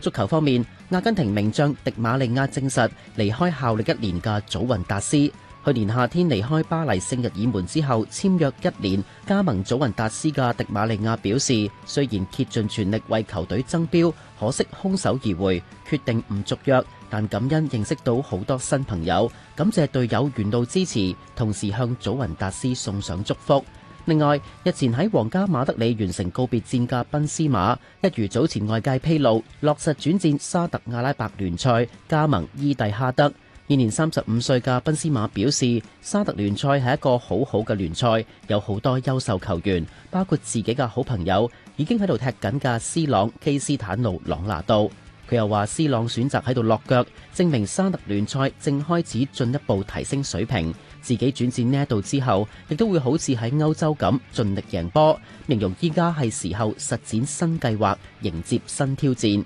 足球方面，阿根廷名將迪馬利亞證實離開效力一年嘅祖雲達斯。去年夏天離開巴黎聖日耳門之後，簽約一年加盟祖雲達斯嘅迪馬利亞表示，雖然竭盡全力為球隊爭標，可惜空手而回，決定唔續約。但感恩認識到好多新朋友，感謝隊友遠道支持，同時向祖雲達斯送上祝福。另外，日前喺皇家馬德里完成告別戰嘅賓斯馬，一如早前外界披露，落實轉戰沙特阿拉伯聯賽，加盟伊蒂哈德。現年三十五歲嘅賓斯馬表示，沙特聯賽係一個好好嘅聯賽，有好多優秀球員，包括自己嘅好朋友，已經喺度踢緊嘅斯朗基斯坦奴朗拿度。佢又話：斯朗選擇喺度落腳，證明沙特聯賽正開始進一步提升水平。自己轉戰呢一度之後，亦都會好似喺歐洲咁盡力贏波。形容依家係時候實踐新計劃，迎接新挑戰。